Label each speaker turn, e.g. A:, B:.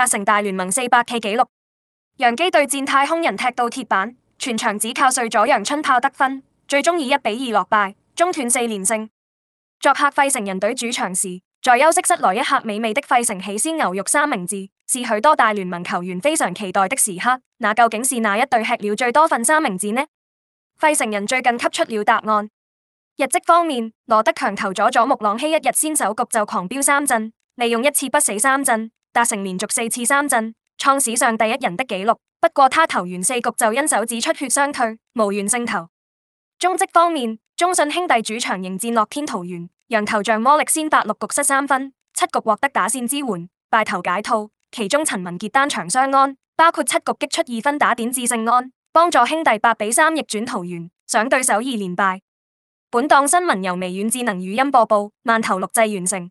A: 達成大聯盟四百 K 紀錄，洋基對戰太空人踢到鐵板，全場只靠碎左楊春炮得分，最終以一比二落敗，中斷四連勝。作客費城人隊主場時，在休息室來一客美味的費城起司牛肉三明治，是許多大聯盟球員非常期待的時刻。那究竟是哪一隊吃了最多份三明治呢？費城人最近給出了答案。日職方面，羅德強投佐佐木朗希一日先手局就狂飆三振，利用一次不死三振。達成連續四次三振創史上第一人的紀錄。不過他投完四局就因手指出血傷退，無緣勝投。中職方面，中信兄弟主場迎戰樂天桃園，楊投象魔力先發六局失三分，七局獲得打線支援，敗投解套。其中陳文杰單場雙安，包括七局擊出二分打點致勝安，幫助兄弟八比三逆轉桃園，想對手二連敗。本檔新聞由微軟智能語音播報，慢投錄製完成。